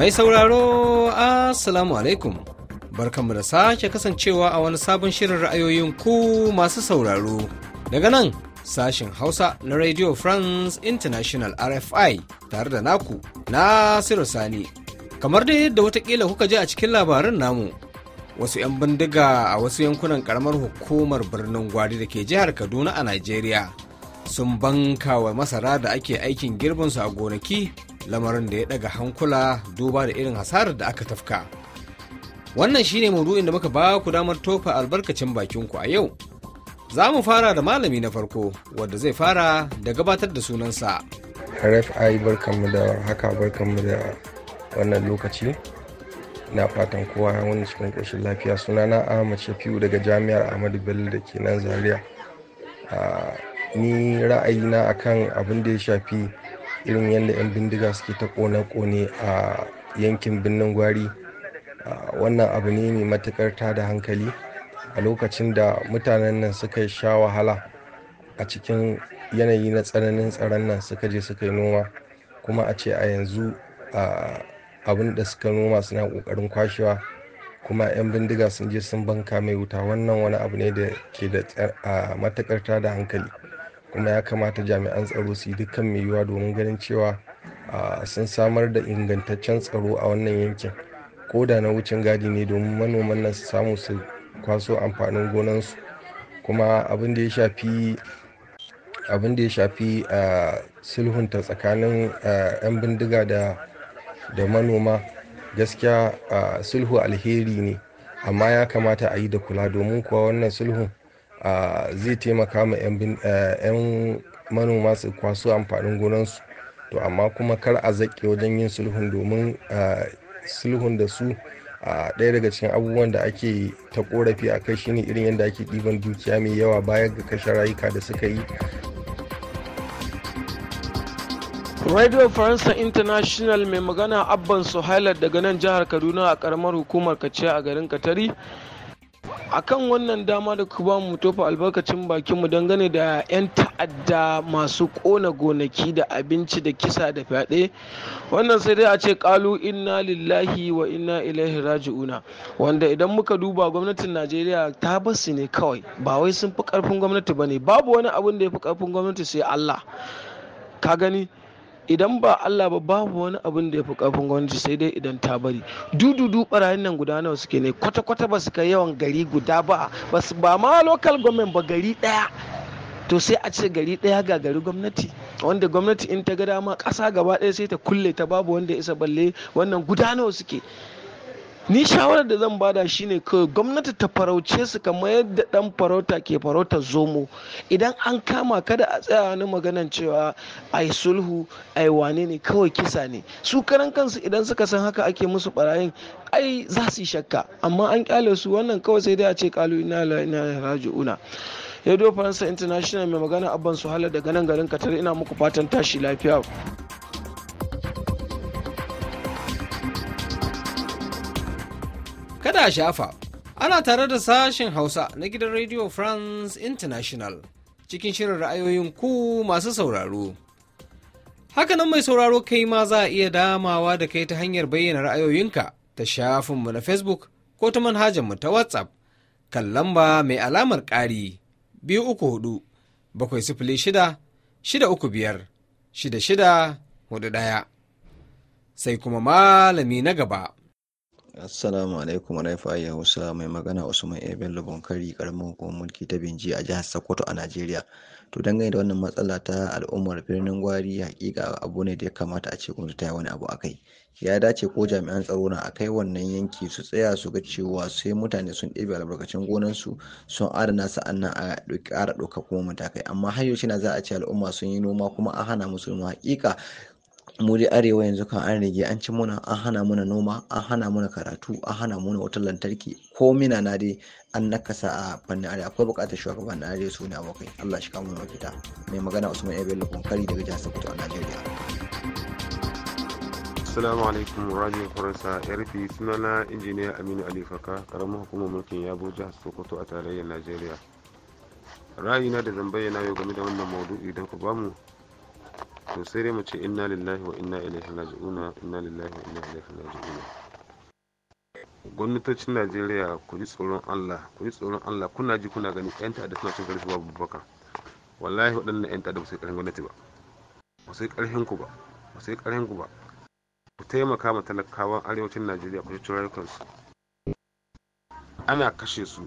Mai sauraro Assalamu alaikum. Barkanmu da sake kasancewa a wani sabon shirin ra'ayoyin ku masu sauraro. Daga nan sashen Hausa na Radio France International RFI tare da naku na Sani. Kamar dai yadda watakila kuka ji a cikin labarin namu, wasu 'yan bindiga a wasu yankunan karamar hukumar birnin Gwari da ke jihar Kaduna a Najeriya sun banka wa masara da ake aikin girbinsu a gonaki lamarin da ya daga hankula duba da irin hasarar da aka tafka wannan shine maudu'in da muka ba ku damar tofa albarkacin bakinku a yau za mu fara da malami na farko wadda zai fara da gabatar da sunansa rfi barkanmu da haka barkanmu da wannan lokaci na fatan kowa wani cikin ƙarshen lafiya sunana ahmad shafiu daga jami'ar ahmadu bello da ke nan zaria ah, ni ra'ayi ra'ayina akan abin da ya shafi irin yadda 'yan bindiga suke ta kone-kone a yankin birnin gwari wannan abu ne mai matukar tada hankali a lokacin da mutanen nan suka sha wahala a cikin yanayi na tsananin tsaron nan suka je suka yi noma kuma a ce a yanzu abin da suka noma suna ƙoƙarin kwashewa kuma 'yan bindiga sun je sun banka mai wuta wannan wani abu ne da ke da matakar tada hankali kuma ya kamata jami'an tsaro su yi dukkan mai yiwuwa domin ganin cewa sun samar da ingantaccen tsaro a wannan yankin ko da na wucin gadi ne domin manoman nan su samu su kwaso amfanin gonansu kuma abin da ya shafi abin da ya shafi sulhunta tsakanin 'yan bindiga da manoma gaskiya sulhu alheri ne amma ya kamata a yi da kula domin kuwa wannan sulhun zai taimaka ma eh, 'yan manoma su kwaso amfanin gonansu to amma kuma kar a zaƙe wajen yin sulhun domin eh, sulhun da su ɗaya daga cikin abubuwan da ake ta ƙorafi a kai shine irin yadda ake ɗiban dukiya mai yawa bayan ga kashe rayuka da suka yi radio faransa international mai magana abban suhaila daga nan jihar kaduna a karamar hukumar kaciya a garin katari akan wannan dama da ku ba mu tofa albarkacin bakin mu dangane da 'yan ta'adda masu kona gonaki da abinci da kisa da fyaɗe wannan sai dai a ce kalu inna lillahi wa inna ilaihi raji'una wanda idan muka duba gwamnatin najeriya ta basu ne kawai ba wai sun fi karfin gwamnati bane babu wani abin da ya fi karfin gwamnati sai allah ka gani idan ba Allah ba babu wani abin da ya fi kafin gwamnati sai dai idan ta bari dududu barayin nan guda nawa suke ne kwata kwata ba su kai yawan gari guda ba ba ma local government ba gari daya to sai a ce gari daya ga gari gwamnati wanda gwamnati in ta ga dama kasa gaba daya sai ta kulle ta babu wanda ya isa balle wannan guda nawa suke ni shawarar da zan bada shine kawai gwamnati ta farauce su kamar yadda dan farauta ke farauta zomo idan an kama kada a tsaya wani maganan cewa ai sulhu ai wane ne kawai kisa ne su karan kansu idan suka san haka ake musu barayin ai za su yi shakka amma an kyale su wannan kawai sai dai a ce kalu ina la ina raji'una radio faransa international mai magana abban hala daga nan garin katar ina muku fatan tashi lafiya a shafa ana tare da sashen hausa na gidan radio france international cikin shirin ra'ayoyin ku masu sauraro hakanan mai sauraro kai ma za a iya damawa da kai ta hanyar bayyana ra'ayoyinka ta shafinmu na facebook ko ta manhajarmu ta whatsapp kan lamba mai alamar ƙari biyu uku hudu bakwai sifili shida shida uku biyar shida shida hudu ɗaya sai kuma malami na gaba Assalamu alaikum ya Hausa mai magana Usman Ebello kari karamin hukumar mulki ta Binji a jihar Sokoto a Najeriya. To dangane da wannan matsala ta al'ummar birnin Gwari hakika abu ne da ya kamata a ce kuma ta yi wani abu akai. Ya dace ko jami'an tsaro na akai wannan yanki su tsaya su ga cewa sai mutane sun ɗebe albarkacin su sun adana sa'annan a ƙara ɗauka kuma matakai amma har yaushe na za a ce al'umma sun yi noma kuma a hana musu hakika mu dai arewa yanzu kan an rage an ci muna an hana muna noma an hana muna karatu an hana muna wutar lantarki ko mina na dai an nakasa a fannin arewa akwai bukatar shugaban na arewa suna abokai allah shi kama mafita mai magana usman ebello kari daga jihar sokoto a najeriya Assalamu alaikum Radio Faransa RP sunana injiniya Aminu Ali Faka karamin hukumar mulkin Yabo jihar Sokoto a tarayyar Najeriya. na da zan bayyana yau game da wannan maudu'i don ku bamu to sai dai mu ce inna lillahi wa inna ilaihi raji'una inna lillahi wa inna ilaihi raji'una gwamnatocin najeriya ku ji tsoron allah ku ji tsoron allah kuna ji kuna gani yan ta'adda suna cin karfi babu baka wallahi waɗannan yan ta'adda ba su karfin gwamnati ba ba su karfin ku ba ba su ku ba ku taimaka ma talakawan arewacin najeriya ku ci rayukansu ana kashe su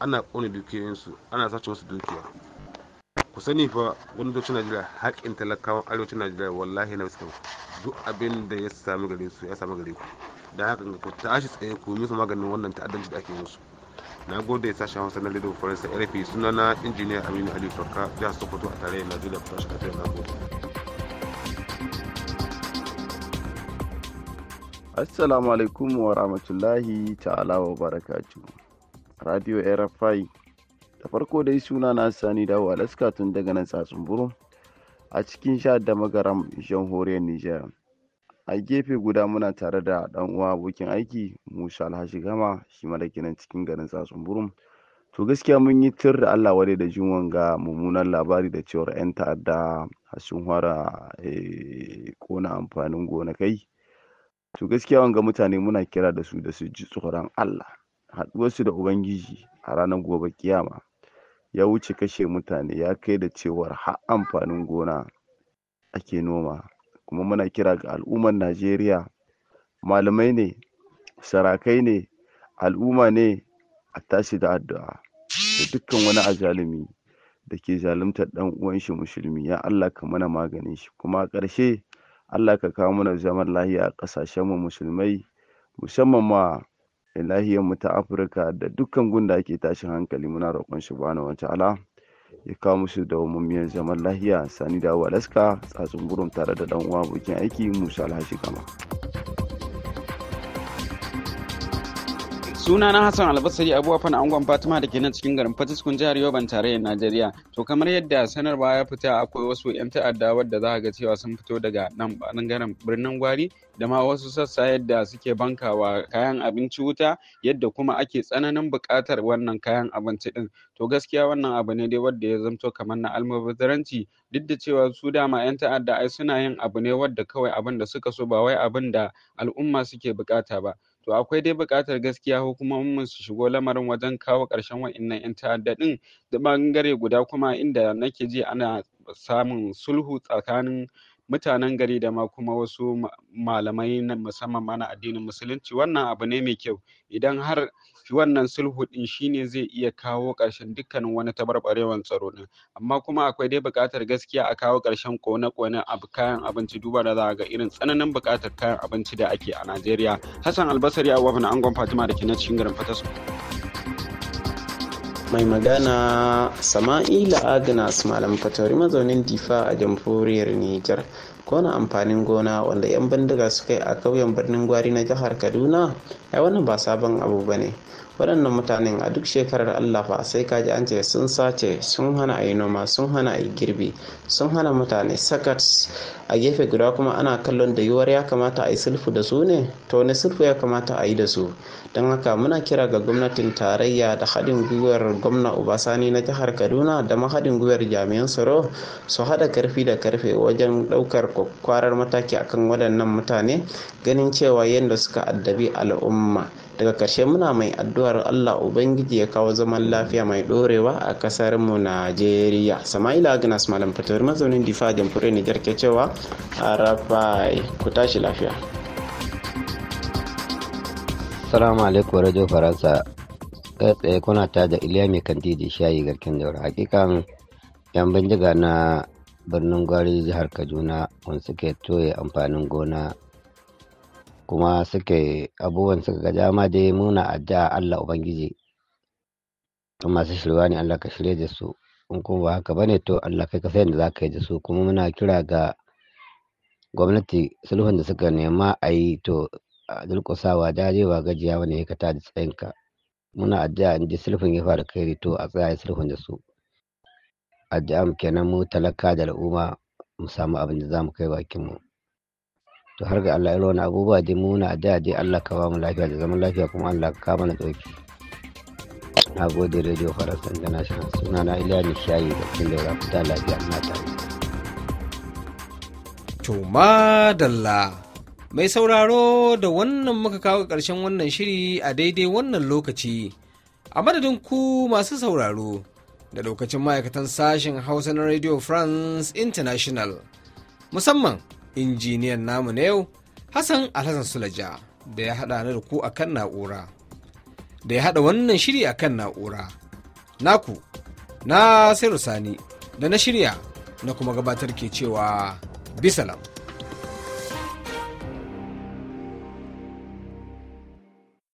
ana ƙone dukiyoyinsu ana sace wasu dukiya ku sani fa gwamnatocin najeriya haƙƙin talakawan arewacin najeriya wallahi na fuskar duk abin da ya sami gare su ya sami gare ku da haka ku tashi tsaye ku musu maganin wannan ta'addanci da ake musu na gode sashen hausa na da faransa rfi sunana injiniya aminu ali farka jihar sokoto a tarayyar najeriya ku tashi tafiya na gode assalamu alaikum wa rahmatullahi ta'ala wa barakatuh radio rfi da farko dai suna na sani dawo laska tun daga nan tsatsunburu a cikin sha da magaram jamhuriyar nijar a gefe guda muna tare da dan uwa abokin aiki musa alhashi gama shi malaki nan cikin garin tsatsun to gaskiya mun yi tir da allah wadai da jin wanga mummunan labari da cewar yan ta'adda a sun fara kona eh, amfanin gonakai to gaskiya wanga mutane muna kira da su da su ji tsoron allah haɗuwarsu da ubangiji a ranar gobe kiyama ya wuce kashe mutane ya kai da cewar har amfanin gona ake noma kuma muna kira ga al'ummar najeriya malamai ne sarakai ne al'umma ne a tashi da addu'a da dukkan wani azalimi da ke zaluntar ɗan uwanshi musulmi ya Allah ka mana maganin shi kuma a ƙarshe Allah ka kawo mana zaman lahiya a ƙasashenmu musulmai musamman ma mai lahiyar mu ta Afirka da dukkan gunda ake tashin hankali muna roƙon shi bana wa ala ya kawo musu dawwammamiyar zaman lahiya sani da walaska tsatsun burin tare da dan uwa abokin aiki Musa Alhashi Kama. suna na hassan albasari abuwa fana angon fatima da ke nan cikin garin fatiskun jihar yoban tarayyar najeriya to kamar yadda sanarwa ya fita akwai wasu yan ta'adda wadda za a ga cewa sun fito daga nan bangaren birnin gwari da ma wasu sassa yadda suke bankawa kayan abinci wuta yadda kuma ake tsananin buƙatar wannan kayan abinci din to gaskiya wannan abu ne dai wanda ya zamto kamar na almubazaranci duk da cewa su dama yan ta'adda ai suna yin abu ne wadda kawai abin da suka so ba wai abin da al'umma suke bukata ba to akwai dai buƙatar gaskiya hukumomin su shigo lamarin wajen kawo ƙarshen wa'innan 'yan ta'adda ɗin da ɓangare guda kuma inda nake ji ana samun sulhu tsakanin mutanen gari da ma kuma wasu malamai na musamman ma na addinin musulunci wannan abu ne mai kyau idan har wannan sulhu din shine zai iya kawo ƙarshen dukkanin wani tabarbarewan tsaro din amma kuma akwai dai buƙatar gaskiya a kawo ƙarshen kone-kone abu kayan abinci duba da za ga irin tsananin buƙatar kayan abinci da ake a Najeriya Hassan Albasari a wafin angon Fatima da ke na cikin garin Fatasu mai magana sama'ila agnes malam fatori mazaunin difa a jamhuriyar niger kona amfanin gona wanda 'yan bindiga suka yi a kauyen birnin gwari na jihar kaduna ya wannan ba sabon abu ba ne waɗannan mutanen a duk shekarar allah fa sai kaji an ce sun sace sun hana a yi noma sun hana a yi girbi sun hana mutane sakat a gefe guda kuma ana kallon da yiwuwar ya kamata a yi sulfu da su ne to wani sulfu ya kamata a yi da su don haka muna kira ga gwamnatin tarayya da haɗin gwiwar gwamna obasani na jihar kaduna da mahaɗin gwiwar jami'an tsaro su haɗa karfi da karfe wajen ɗaukar kwakwarar mataki akan waɗannan mutane ganin cewa yadda suka addabi al'umma daga karshe muna mai addu'ar allah ubangiji ya kawo zaman lafiya mai ɗorewa a ƙasar mu najeriya sama'ila agnes malam fatawar mazaunin difa jamhuriyar ne ke cewa arafai ku tashi lafiya Assalamu alaikum rajo Faransa. Kai tsaye kuna ta da Iliya mai kantidi shayi garken wuri. Hakikan yan bindiga na birnin gwari jihar Kaduna wani suke toye amfanin gona kuma suke abubuwan suka ga dama dai muna addu'a Allah Ubangiji masu shirwa ne Allah ka shirya da su in kuma ba haka bane to Allah kai ka da za ka yi da su kuma muna kira ga gwamnati sulhun da suka nema a yi to durƙusawa wa gajiya wanda ya kata da tsayinka muna addu'a inda sulhun ya fara kai to a tsaya sulhun da su addu'a mu kenan mu talaka da al'umma mu samu abin da zamu kai bakin mu to har ga Allah irin abubuwa dai mu na addu'a dai Allah ka ba mu lafiya da zaman lafiya kuma Allah ka mana dauki na gode radio faras international suna na iliya Shayi da kin da ta lafiya na tare to madalla Mai sauraro da wannan muka kawo ƙarshen wannan shiri a daidai wannan lokaci. A madadin ku masu sauraro da lokacin ma'aikatan sashen Hausa na Radio France International. Musamman injiniyan namu na yau, Hassan Alhassan Sulaja da ya haɗa da ku a kan na'ura. Da ya haɗa wannan shiri a kan na'ura. Naku, na Sani da na shirya na kuma gabatar ke cewa bisalam.